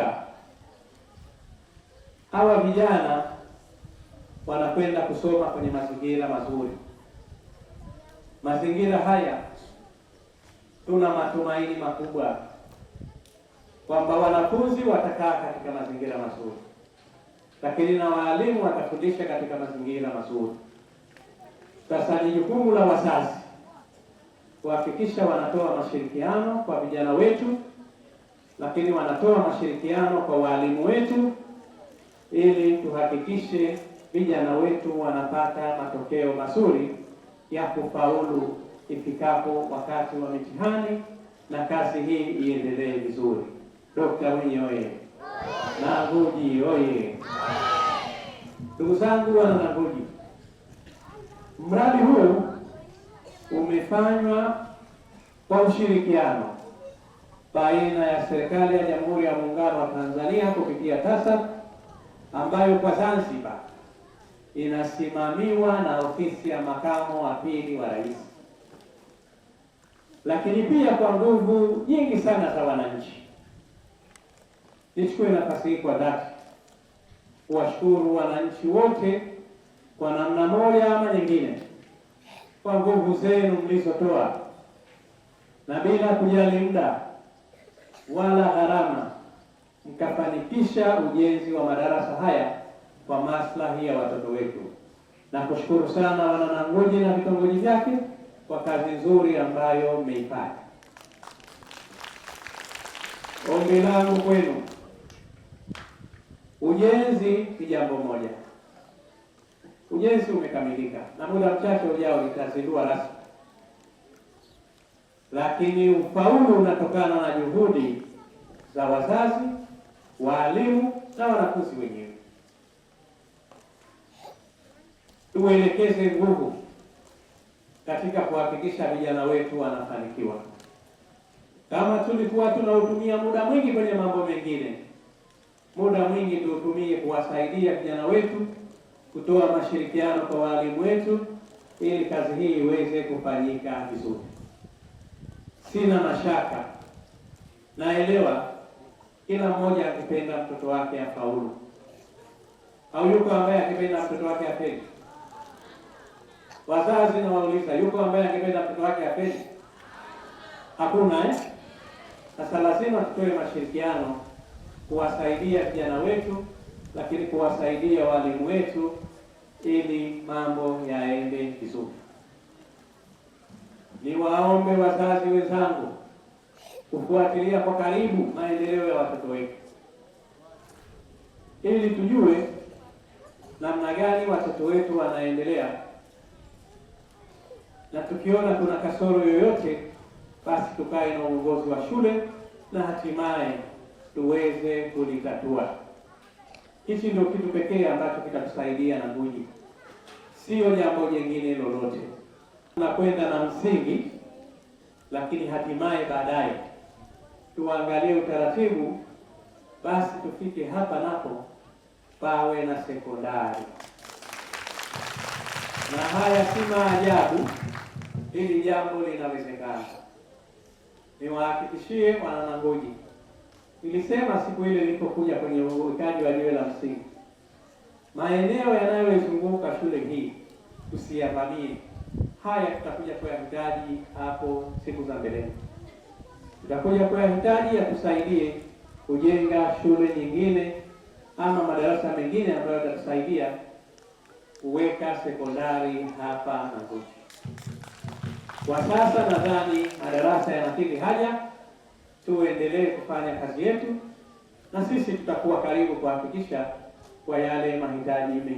hakika hawa vijana wanakwenda kusoma kwenye mazingira mazuri. Mazingira haya tuna matumaini makubwa kwamba wanafunzi watakaa katika mazingira mazuri, lakini na waalimu watafundisha katika mazingira mazuri. Sasa ni jukumu la wazazi kuhakikisha wanatoa mashirikiano kwa vijana wetu lakini wanatoa mashirikiano kwa walimu wetu ili tuhakikishe vijana wetu wanapata matokeo mazuri ya kufaulu ifikapo wakati wa mitihani, na kazi hii iendelee vizuri. Dokta Mwinyi oye! Nanguji oye! Ndugu zangu wana Nanguji, mradi huu umefanywa kwa ushirikiano baina ya serikali ya Jamhuri ya Muungano wa Tanzania kupitia TASAF ambayo kwa Zanzibar inasimamiwa na ofisi ya makamu wa pili wa rais, lakini pia kwa nguvu nyingi sana za wananchi. Nichukue nafasi hii kwa dhati kuwashukuru wananchi wote kwa namna moja ama nyingine kwa nguvu zenu mlizotoa na bila kujali muda wala gharama, mkafanikisha ujenzi wa madarasa haya kwa maslahi ya watoto wetu. Nakushukuru sana Wanananguji na vitongoji vyake kwa kazi nzuri ambayo mmeipata. Ombi langu kwenu, ujenzi ni jambo moja. Ujenzi umekamilika na muda mchache ujao itazindua rasmi lakini ufaulu unatokana na juhudi za wazazi, waalimu na wanafunzi wenyewe. Tuelekeze nguvu katika kuhakikisha vijana wetu wanafanikiwa. Kama tulikuwa tunautumia muda mwingi kwenye mambo mengine, muda mwingi tuutumie kuwasaidia vijana wetu, kutoa mashirikiano kwa waalimu wetu, ili kazi hii iweze kufanyika vizuri sina mashaka, naelewa kila mmoja akipenda mtoto wake afaulu. Au yuko ambaye akipenda mtoto wake afeli? Wazazi na wauliza, yuko ambaye akipenda mtoto wake afeli? Hakuna eh? Sasa lazima tutoe mashirikiano kuwasaidia vijana wetu, lakini kuwasaidia walimu wetu ili mambo yaende vizuri niwaombe wazazi wenzangu kufuatilia kwa karibu maendeleo ya watoto wetu ili tujue namna gani watoto wetu wanaendelea, na tukiona kuna kasoro yoyote, basi tukae na uongozi wa shule na hatimaye tuweze kulitatua. Hichi ndio kitu pekee ambacho kitatusaidia na Ngwiji, sio jambo jingine lolote. Tunakwenda na msingi, lakini hatimaye baadaye tuangalie utaratibu, basi tufike hapa napo pawe na sekondari. Na haya si maajabu, hili jambo linawezekana. Niwahakikishie Wanananguji, nilisema siku ile nilipokuja kwenye uwekaji wa jiwe la msingi, maeneo yanayoizunguka shule hii tusiyavamie haya tutakuja kuyahitaji hapo siku za mbeleni, tutakuja kuyahitaji yatusaidie kujenga shule nyingine ama madarasa mengine ambayo yatatusaidia kuweka sekondari hapa Nanguchi. Kwa sasa nadhani madarasa yanakidhi haja, tuendelee kufanya kazi yetu, na sisi tutakuwa karibu kuhakikisha kwa yale mahitaji